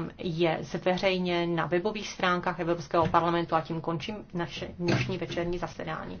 program je zveřejněn na webových stránkách Evropského parlamentu a tím končím naše dnešní večerní zasedání.